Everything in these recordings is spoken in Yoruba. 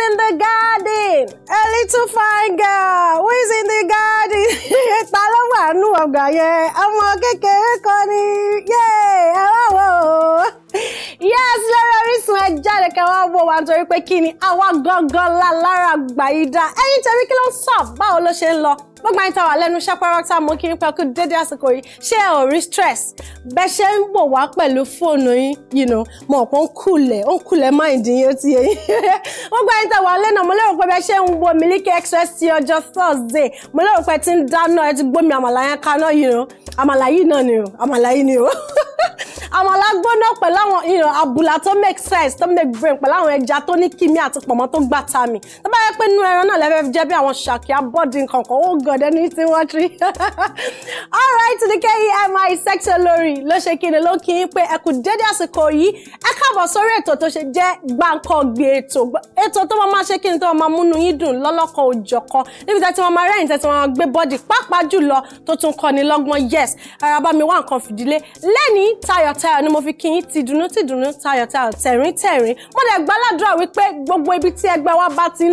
in the garden? A little fine girl. Who is in the garden? Ta ló wà nù ọgbà yẹn? Ọmọ kékeré kan ni. Ẹ wá wò Yes, lórí Orísun ẹ jáde ká wá wò wá nítorí pé kí ni àwa gangan lára gbàyídá. Ẹ̀yin tẹ̀rí kí ló ń sọ̀ báwo ló ṣe ń lọ? gbogbo àyíká wà lẹ́nu iṣẹ́ pẹ́rọ́tà mo kí n pẹ́ kú dédé àsìkò yìí ṣé ẹ ò rí stress bẹ́ ṣe ń wò wá pẹ̀lú fóònù yín yìí nà mo ò ń kulẹ̀ ń kulẹ̀ máìndì yín ó ti yẹ yín gbogbo àyíká wà lẹ́nu mo lérò pé bẹ́ ṣe ń wo Miliki Express ti ọjọ́ Thursday mo lérò pé ti ń dáná ẹ ti gbómi àmàlà yẹn kaná yìí nà náà ni o àmàlà yìí ni o àmàlà gbóná pẹ̀lú àwọn àbùlà tó make sense tó make brain pẹ̀lú àwọn ẹja tó ní kímí àti pọ̀mọ́ tó gbà ta mi tó bá yẹ pé inú ẹran náà lẹ́fẹ̀ẹ́ jẹ́ bí àwọn ṣàkíyá bọ́ọ̀dì nǹkan ó g God anything watery. all right to the KEMI sector lórí ló ṣe kí ni ló kí n pé ẹ kú dédé àsìkò yìí ẹ káàbọ̀ sórí ètò tó ṣe jẹ́ Gbankanbi ètò ètò tó máa ṣe kí ni tó máa múnú yín dùn lọ́lọ́kan òjọ̀kan níbi tí wọ́n máa rẹ́yìn tí wọ́n máa gbé bọ́dì pàápàá jùlọ tó tún kọ́ni lọ́gbọ́n yes ara bá mi wá nǹkan fìdílé lẹ́ni tayọ̀tayọ̀ ni mo fi kí yín tìdùnnú tìdùnnú tayọ̀tayọ̀ tẹ̀rín tẹ̀rín mo dẹ̀ gbàládùra wípé gbogbo ibi wa bá ti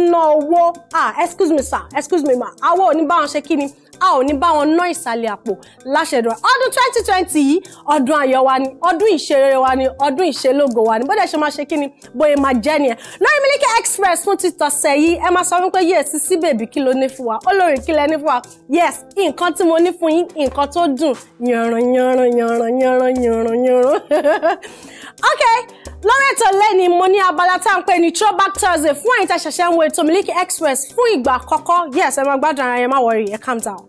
ah excuse me sir excuse me ma àwọn ò ní wọn kí ni a ò ní bá wọn ná ìsàlẹ̀ àpò láṣẹ̀dọ̀ ọdún 2020 yìí ọdún ayọ̀ wa ni ọdún ìṣerere wa ni ọdún ìṣelógo wa ni bó dẹ̀ ṣe máa ṣe kí ni bóyá máa jẹ́ nìyẹn lórí Miliki Express fún ti tọ̀sẹ̀ yìí ẹ máa sọ fún pé yíyẹ sí sí bèbí kí ló ní fún wa olórí kí lẹ ní fún wa yes nǹkan tí mo ní fún yín nǹkan tó dùn yànràn yànràn yànràn yànràn yànràn yànràn okay lórí ètò lẹ́ni mo ní abala tá à ń pè ní throwback thursday fún àyíká ṣẹ̀ṣẹ̀ ń wo ètò Miliki Express fún ìgbà àkọ́kọ́ yes ẹ máa gbádùn ara yẹn má wọrí ẹ calm down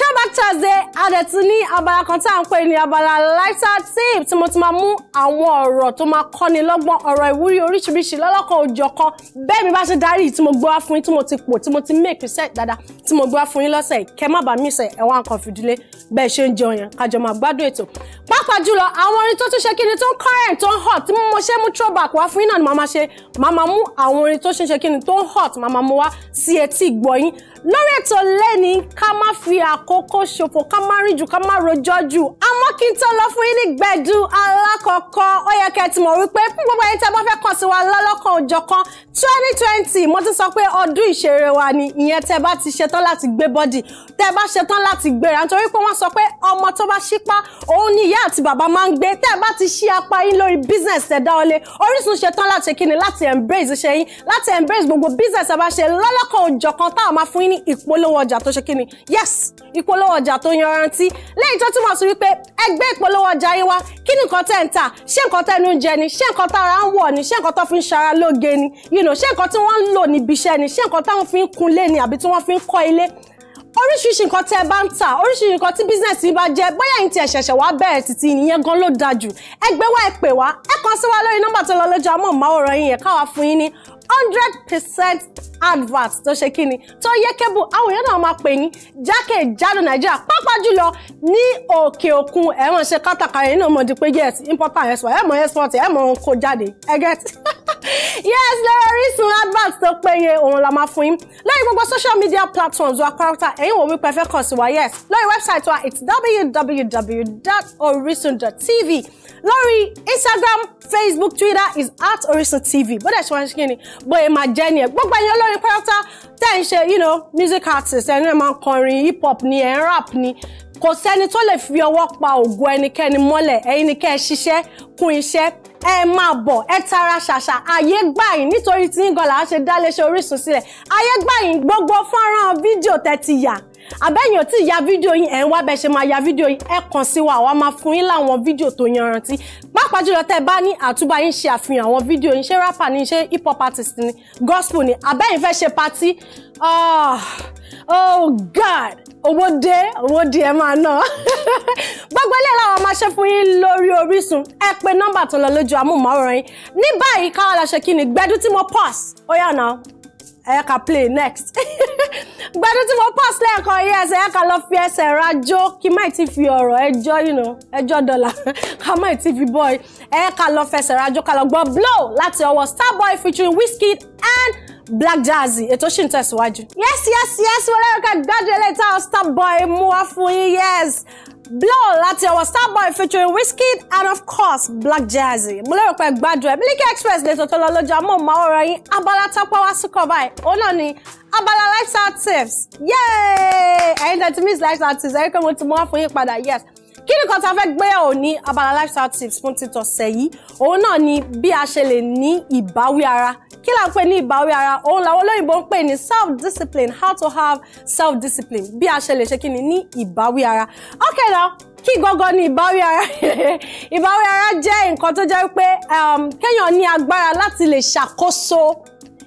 throwback thursday adẹ̀tí ní abala kan tá à ń pè ní abala lighter tip tí mo ti máa mú àwọn ọ̀rọ̀ tó máa kọ́ni lọ́gbọ́n ọ̀rọ̀ ìwúrí oríṣiríṣi lọ́lọ́kan òjọ̀kan bẹ́ẹ̀ mi bá ṣe darí tí mo gbé wá fún yín tí mo ti pò tí mo ti make research dáadáa tí mo gbé wá fún yín lọ́sẹ̀ kẹ́ má bàa mísẹ̀ ẹ̀wọ̀n nǹkan fìdílé bẹ́ẹ̀ ṣe ń jẹun yẹn kájọ máa gbádùn ètò pàápàá jùlọ àwọn orin tó tún ṣe kíni tó ń current tó ń hot tí mo ṣe mú throwback wá fún yín náà ni màá máa ṣe màá máa mú àwọn orin tó ṣe ń ṣe kíni tó ń hot màá máa mú wá sí etí ìgbọ́ lórí ètò lẹ́ni ká má fi àkókò ṣòfò ká má rìn jù ká má rojọ́ jù àmọ́ kí n tó lọ fún yín ní gbẹ̀du alákọ̀ọ́kọ́ ó yẹ kẹ́ ẹ ti mọ̀ wípé fún gbogbo ẹni tí a bá fẹ́ kàn sí wa lọ́lọ́kan òjọ̀kan twenty twenty mo ti sọ pé ọdún ìṣeré wa ni ìyẹn tẹ́ bá ti ṣetán láti gbé bọ́dì tẹ́ bá ṣetán láti gbéra nítorí pé wọ́n sọ pé ọmọ tó bá ṣípá òun ni ìyá àti bàbá máa ń gbé tẹ́ bá ti ṣí apá yín lórí business tẹ́ dá ọlé Orísun ṣetán láti kíni láti embrace iṣẹ́ yín láti embrace gbogbo business ẹ bá ṣe lọ́lọ́kan òjọ̀kan táwọn máa fún yín ní ìpolówó ọjà tó ṣe kíni yes ìpolówó ọjà tó yanrantí lẹ́yìn tó túmọ̀ sí wípé ẹgbẹ́ ìpolówó ọjà yín wá kí ni nǹkan tẹ̀ ń tà ṣé nǹkan tẹ̀ ń jẹ ni ṣé nǹkan tára ń wọ̀ ni ṣé nǹkan tó fi ń ṣara lóge ni you know ṣé nǹkan tí wọ́n ń lò níbi iṣẹ́ ni ṣé nǹkan táwọn fi ń kunlé ni àbí tí wọ́n fi ń kọ́ ilé oríṣiríṣi nǹkan tẹ́ ẹ bá ń tà oríṣiríṣi nǹkan tí bísíǹsì bá jẹ bóyá yín ti ẹ̀ ṣẹ̀ṣẹ̀ wá bẹ̀rẹ̀ títí ìyẹn gan ló dáa jù ẹgbẹ́ wa ẹ pè wá ẹ kàn sí wa lórí nọ́mbà tó lọ lójú amóhùnmáwòrán yín yẹn káwa fún yín ní hundred percent advert tó ṣe kí ni tó yẹ kébù àwọn èèyàn náà máa pè yín jákèjádò nàìjíríà pápá jùlọ ní òkè òkun ẹ mọ̀ ṣe kátàkárà yín náà mọ̀ di pé yes Important export ẹ mọ̀ export ẹ mọ̀ kó jáde ẹ get yes advert tó péye òun la máa fún yín lórí gbogbo social media platforms wa pátá ẹ̀yin wò wípé fẹ́ kàn sí wa yes lórí website wa it's www.orisun.tv lórí instagram facebook twitter is at orisun tv bó dẹ̀ ṣe wá ṣe kí ni bóyá máa jẹ́ ni ẹ̀ gbogbo ẹ̀yin olórin pátá tẹ́ ń ṣe you know music artist ẹni ẹ̀ máa ń kọrin hip hop ni ẹ̀ ń rap ni kò sẹ́ni tó lè fi ọwọ́ pa ògo ẹnikẹ́ni mọ́lẹ̀ ẹ̀yin ni kẹ́ ẹ ṣiṣẹ́ kún iṣẹ́ ẹ máa bọ̀ ẹ tara ṣàṣà ayé gbàyìn nítorí tí ń gan là ṣe dá léṣe Orísun sílẹ̀ ayé gbàyìn gbogbo fọ́nrán fídíò tẹ́ ti yà àbẹ́yìn tí ya fídíò yín ẹ̀ ń wá bẹ́ẹ̀ ṣe máa ya fídíò yín ẹ kàn sí wa àwa máa fún yín láwọn fídíò tó yanrantí pàápàá jùlọ tẹ́ ẹ bá ní àtúbà yín ṣe àfihàn àwọn fídíò yín ṣé rapper ni ṣé hip hop artist ni gospel ni àbẹ́yìn fẹ́ ṣe patí ah, oh god owó dé owó di ẹ máa ná gbogbo ilé làwọn máa ṣe fún yín lórí Orísun ẹ pè nọ́mbà tó lọ lójú amóhùnmáwòrán yín ní báyìí káwọn la kí ni gbẹdú tí mo pause ó yà náà ẹ kà play next. gbàdúrà tí mo pass lẹ́ẹ̀kan yí ẹsẹ̀ ẹ kà lọ fi ẹsẹ̀ rajó kí má ti fi ọ̀rọ̀ ẹjọ́ ẹjọ́ dọ́là ká má ti fi bọ́ ẹ kà lọ fẹsẹ̀ rajó kà lọ gbọ́ blow láti ọwọ́ Starboy featuring whiskey and Black Jazzy ètò ṣì ń tẹ̀síwájú. yes yes yes wọlé ọkọ gbádùn eléyìí tá Starboy mú wá fún yín yes blow láti star boy featuring Wizkid and of course Black Jazzy mo lérò pé gbádùn ẹ Miliki Express lè tòótọ́ lọ lójú amóhùnmáwòrán yín abala tápá wá sí kọ́ báyìí òun náà ni abala lifestyle tips yay ẹ̀yin tẹ̀ tí miss lifestyle tips ẹ̀yin pé mo ti mú wá fún yín padà yes kí ni kan tá fẹ́ gbé yẹ̀wò ní abala lifestyle tips fún títọ̀sẹ̀ yìí òun náà ni bí a ṣe lè ní ìbáwí ara kí là ń pè ní ìbá ara òun làwọn olóyìnbó ń pè ní self discipline how to have self discipline bí a ṣe lè ṣe kí ni ní ìbáwí ara okay now kí gangan ni ìbáwí ara ìbáwí ara jẹ́ nǹkan tó jẹ́ pé um, kéèyàn ní agbára láti lè ṣàkóso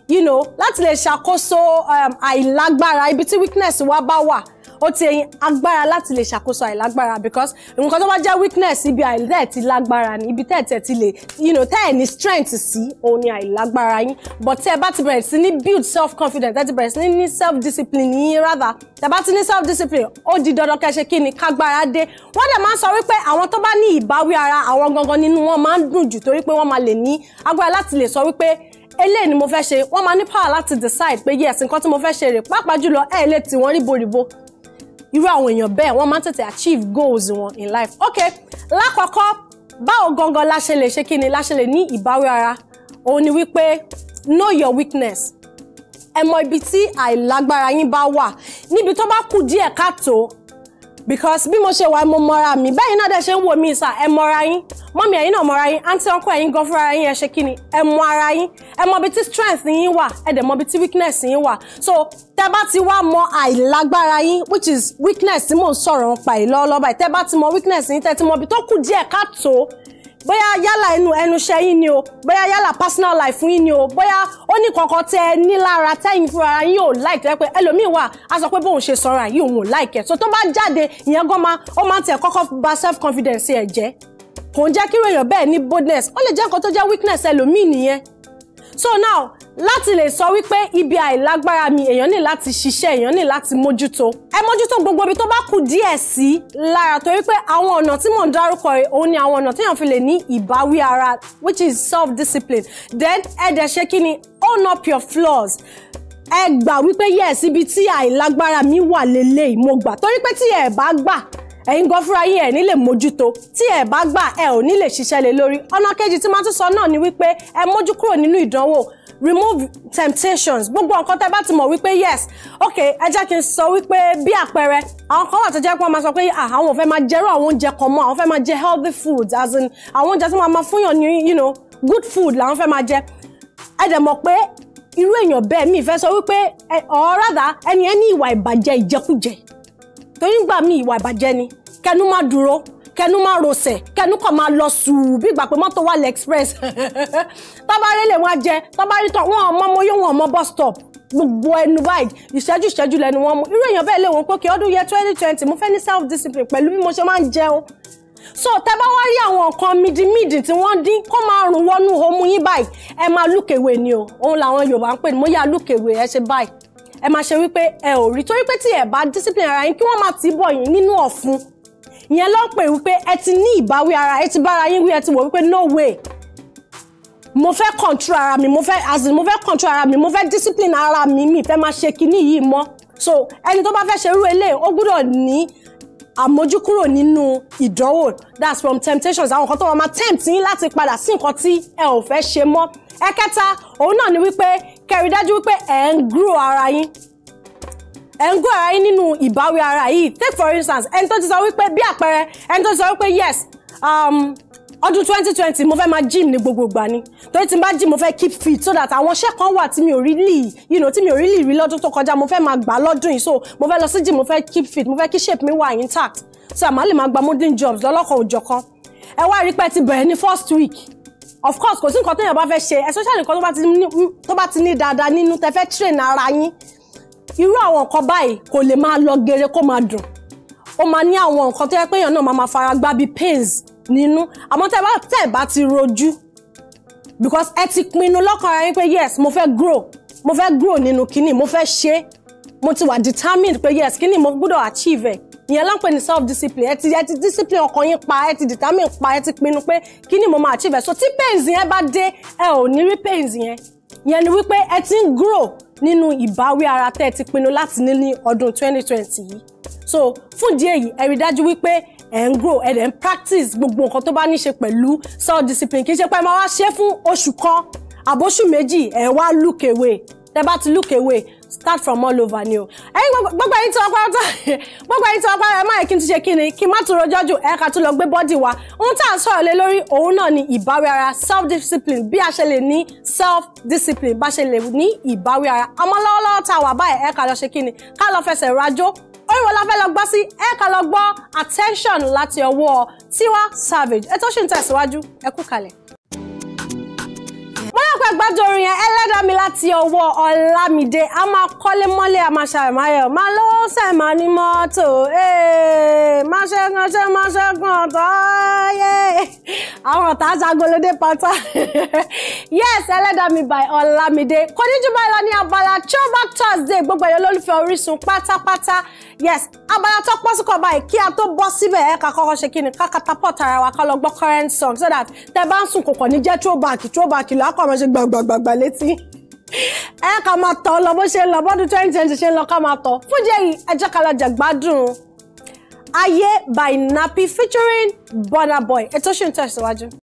you know láti lè ṣàkóso um, àìlágbára ibi tí weakness wa bá wà ó ti ẹ̀yin agbára láti lè ṣàkóso àìlágbára because nǹkan tó bá jẹ́ weakness ibi àìlẹ́ ti lágbára ni ibi tẹ́ẹ̀tẹ́ ti lè you know tẹ́ẹ̀ ní strength sí òun ni àìlágbára yín but tẹ́ ẹ bá ti bẹ̀rẹ̀ sí ní build self confidence tẹ́ ti bẹ̀rẹ̀ sí ní ní self discipline yín rather tẹ́ bá ti ní self discipline ó di dandan kẹ́ ṣe kí ni kágbára dé wọ́n dẹ̀ máa ń sọ wípé àwọn tó bá ní ìbáwí ara àwọn gangan nínú wọn máa ń dùn jù torí pé wọ́n máa lè ní agbára láti lè sọ wípé eléyìí ni mo fẹ́ ṣe wọ́n máa ní power láti decide pé yes nǹkan tí mo fẹ́ ṣe rè pàápàá jùlọ ẹ̀ lè tì wọ́n ríboríbo irú àwọn èèyàn bẹ́ẹ̀ wọ́n máa ń tètè achieve goals wọn in life. ok lákọ̀ọ́kọ́ báwo gangan la ṣe lè ṣe kí ni la ṣe lè ní ìbáwí ara òun ni wípé know your weakness ẹ mọ ibi tí àìlágbára yín bá wà níbi tó bá kù díẹ̀ káàtó because bí mo ṣe wà mo mọra mi bẹ́ẹ̀ náà dẹ̀ ṣe ń wò mí sà ẹ mọra yín mọ́mí ẹ̀yin náà mọra yín àǹtí ọkọ ẹ̀yin gan fúnra yín ẹ ṣe kí ni ẹ mọ ara yín ẹ mọ tí strength yín wà ẹ dẹ̀ mọ ibi tí weakness yín wà so tẹ bá ti wá mọ àìlágbára yín which is weakness tí mò ń sọ̀rọ̀ ń pa yìí lọ́wọ́lọ́wọ́ báyìí tẹ bá ti mọ weakness yín tẹ ti mọ ibi tó kù díẹ̀ káàtó bóyá yálà ẹnu ẹnu iṣẹ́ yín ni o bóyá yálà personal life yín ni o bóyá ó ní kankan tẹ ẹ ní lára tẹ́yìn fúnra yín ò láìkẹ́ rẹ pé ẹlòmíì wà á sọ pé bóun ṣe sọra yìí òun ò láìkẹ́ so tó bá jáde ìyẹn gan máa ó máa ń tẹ̀ kọ́kọ́ bà self confidence ẹ̀ jẹ́ kò ń jẹ́ kí èèyàn bẹ́ẹ̀ ní boldness ó lè jẹ́ nǹkan tó jẹ́ weakness ẹlòmíì nìyẹn so now láti lè sọ wípé ibi àìlágbára mi èèyàn ní láti ṣiṣẹ́ èèyàn ní láti mójútó ẹ mójútó gbogbo ibi tó bá kù díẹ̀ sí lára torí pé àwọn ọ̀nà tí mò ń dárúkọ rẹ̀ òun ni àwọn ọ̀nà téèyàn fi lè ní ìbáwí ara which is self discipline then ẹ dẹ̀ ṣe kí ni own up your flaws ẹ gbà wípé yes ibi tí àìlágbára mi wà lélẹ́yìí mo gbà torí pé tí ẹ bá gbà ẹ̀yin gan fúnra yín ẹ̀ ní mójútó tí ẹ̀ bá gbà ẹ̀ ò ní ṣiṣẹ́ lé lórí ọ̀nà kejì tí máa tún sọ náà ni wípé ẹ mójú kúrò nínú ìdánwò remove temptations gbogbo nǹkan tẹ́ bá ti mọ̀ wípé yes ok ẹ jẹ́ kí n sọ wípé bí àpẹẹrẹ àwọn kan wà tó jẹ́ pé wọ́n máa sọ pé ah, àwọn ò fẹ́ máa jẹ́rú àwọn oúnjẹ kan mọ́ àwọn fẹ́ máa jẹ healthy food as in àwọn oúnjẹ tí wọ́n máa fúnyàn ní you know good food làwọn fẹ́ máa jẹ ẹ dẹ̀ mọ̀ pé irú èèyàn bẹ́ẹ̀ mi fẹ́ sọ wípé ọ̀ eh, rather ẹni ẹni ìwà ìbàjẹ́ ìjẹkújẹ torí gbà mí ìwà ìbàjẹ́ ni kẹnu má dúró kẹnu máa rọsẹ̀ kẹnu kàn máa lọ sùúrù bí ìgbà pé mọ́tò wà lẹ́xpress tọ́bárẹ́ lè wọ́n jẹ tọ́bárẹ́ tán wọ́n ọmọ mo yóò wọ́n ọmọ bus stop gbogbo ẹnu báyìí ìṣẹ́jú ìṣẹ́jú lẹ́nu wọn mú irú èèyàn bẹ́ẹ̀ lè wọ́n pé kí ọdún yẹ twenty twenty mo fẹ́ ní self discipline pẹ̀lú bí mo ṣe máa ń jẹun so tẹ́ bá wá rí àwọn nǹkan mídìmídì tí wọ́n dín kó máa rùn wọnú homu yín báyìí ẹ máa lùkèwé ni o òun làwọn Yorùbá ń pè ní mo yà lùkèwé ẹ ṣe báyìí ẹ máa ṣe wípé ẹ ò rí torí pé tí ẹ bá discipline ara yín kí wọ́n máa tì í bọ̀ yín nínú ọ̀fun ìyẹn ló ń pè wípé ẹ ti ní ìbáwí ara ẹ ti bára yín wí ẹ ti wò wípé no way mo fẹ́ control ara mi mo fẹ́ as in mo fẹ́ control ara mi mo fẹ́ discipline ara mi mi fẹ́ máa ṣe kinní yìí mọ́ so ẹni tó bá fẹ́ ṣerú eléyìí ó gbúdọ̀ ní àmójúkúrò nínú ìdánwò that's from temptations àwọn nǹkan tó wọn máa tempt yín láti padà sí nǹkan tí ẹ ò fẹ́ ṣe mọ́ ẹ̀kẹta òun náà ni wípé kẹrí dájú wípé ẹ̀ ń grow ara yín ẹ̀ ń grow ara yín nínú ìbáwí ara yìí take for instance ẹni tó ti sọ wípé bí àpẹẹrẹ ẹni tó ti sọ wípé yes um, ọdún twenty twenty mo fẹ́ máa gym ní gbogbo ìgbà ni torí tí n bá gym mo fẹ́ keep fit so that àwọn iṣẹ́ kan wà tí mi ò rí lì you know tí mi ò rí lì rí lọ́dún tó kọjá mo fẹ́ máa gbà lọ́dún yìí so mo fẹ́ lọ sí gym mo fẹ́ keep fit mo fẹ́ kí shape mi wà intact so àmọ́ lè máa gba modern jobs lọ́lọ́kan òjọ̀kan ẹ wá rí pé ti bẹ̀rẹ̀ ní first week of course kò sí nǹkan téèyàn bá fẹ́ ṣe especially nǹkan tó bá ti ní dáadáa nínú tẹ fẹ́ train ara yín irú àwọn nǹkan báyìí kò lè máa lọ gere kó máa dùn ó máa ní àwọn nǹkan tó yẹ pé èèyàn náà máa máa fara gbá bíi pains nínú àmọ́ tẹ́ ẹ bá tẹ́ ẹ ti rojú because ẹ ti pinnu lọ́kàn ara yín pé yes mo fẹ́ grow mo fẹ́ grow nínú kíní mo fẹ́ ṣe mo ti wà determined pé yes kíní mo gbọ́dọ̀ achieve ẹ̀ ìyẹn ló ní self discipline ẹ ti discipline ọkàn yín pa ẹ ti determine pa ẹ ti pinnu pé kí mo máa achieve ẹ so tí pains yẹn bá dé ẹ ò ní rí pains yẹn ìyẹn ni wípé ẹ ti ń grow nínú ìbáwí ara tẹ́ ẹ ti pinnu láti ní ní ọdún 2020 yìí so fún díẹ̀ yìí ẹ rí dájú wípé ẹ̀ ń grow ẹ̀ dẹ̀ ń practice gbogbo nǹkan tó bá ní ṣe pẹ̀lú self discipline kì í ṣe pé ẹ máa wá ṣe fún oṣù kan àbóṣù méjì ẹ̀ wá look away tẹ́ bá ti look away start from all over ni o ẹyin gbogbo ẹyin tí wọn pàrọ gbogbo ẹyin tí wọn pàrọ ẹ má yẹ kí n ti ṣe kíni kí n má tún rojọ́ jù ẹ ká tún lọ gbé bọ́dì wa ohun tá à ń sọ̀rọ̀ lé lórí òun náà ni ìbáwí ara self discipline bí a ṣe lè ní self discipline bá ṣe lè ní ìbáwí ara ọmọ lọ́wọ́lọ́wọ́ tá a wà báyìí ẹ ká lọ ṣe kíni ká lọ fẹsẹ̀ rajó oríwo la fẹ́ lọ gbọ́ sí ẹ ká lọ gbọ́ attention láti ọwọ́ Tiwa Savage ètò ṣì ń tẹ̀síwájú ẹ kú kalẹ̀ mọ́lọ́pẹ́ gbájú orin yẹn ẹlẹ́dàá mi láti ọwọ́ ọ̀làmídé a máa kọ́lé mọ́lé a máa ṣàmáyọ̀ máa lówó sẹ̀ máa ní mọ́tò máa ṣẹ́gun ṣe máa ṣẹ́gun ọ̀tọ̀ àwọn ọ̀tá ṣàgolódé pátá yes ẹlẹ́dàá mi by ọ̀làmídé kò ní jù báyìí lọ ní abala throwback thursday gbogbo ẹ̀yọ́ lólùfẹ́ orísun pátápátá yes abala tó pọ́ sí kan báyìí kí a tó bọ́ síbẹ̀ ẹ ká kọ́kọ́ ṣe kí ni ká catapult ara wa ká lọ gbọ́ current song so that tẹ bá ń sùn kòkò ní jẹ́ throwback throwback lọ akọ ọmọ ṣe gbàgbàgbàgbà létí ẹ ká máa tọ́ lọ bó ṣe ń lọ bọ́dún twenty twenty ṣe ń lọ ká máa tọ́ fún jẹ́ yìí ẹ jẹ́ ká lọ jẹ̀gbádùn ayé by Nappy featuring Burna Boy ètò ṣì ń tẹ̀síwájú.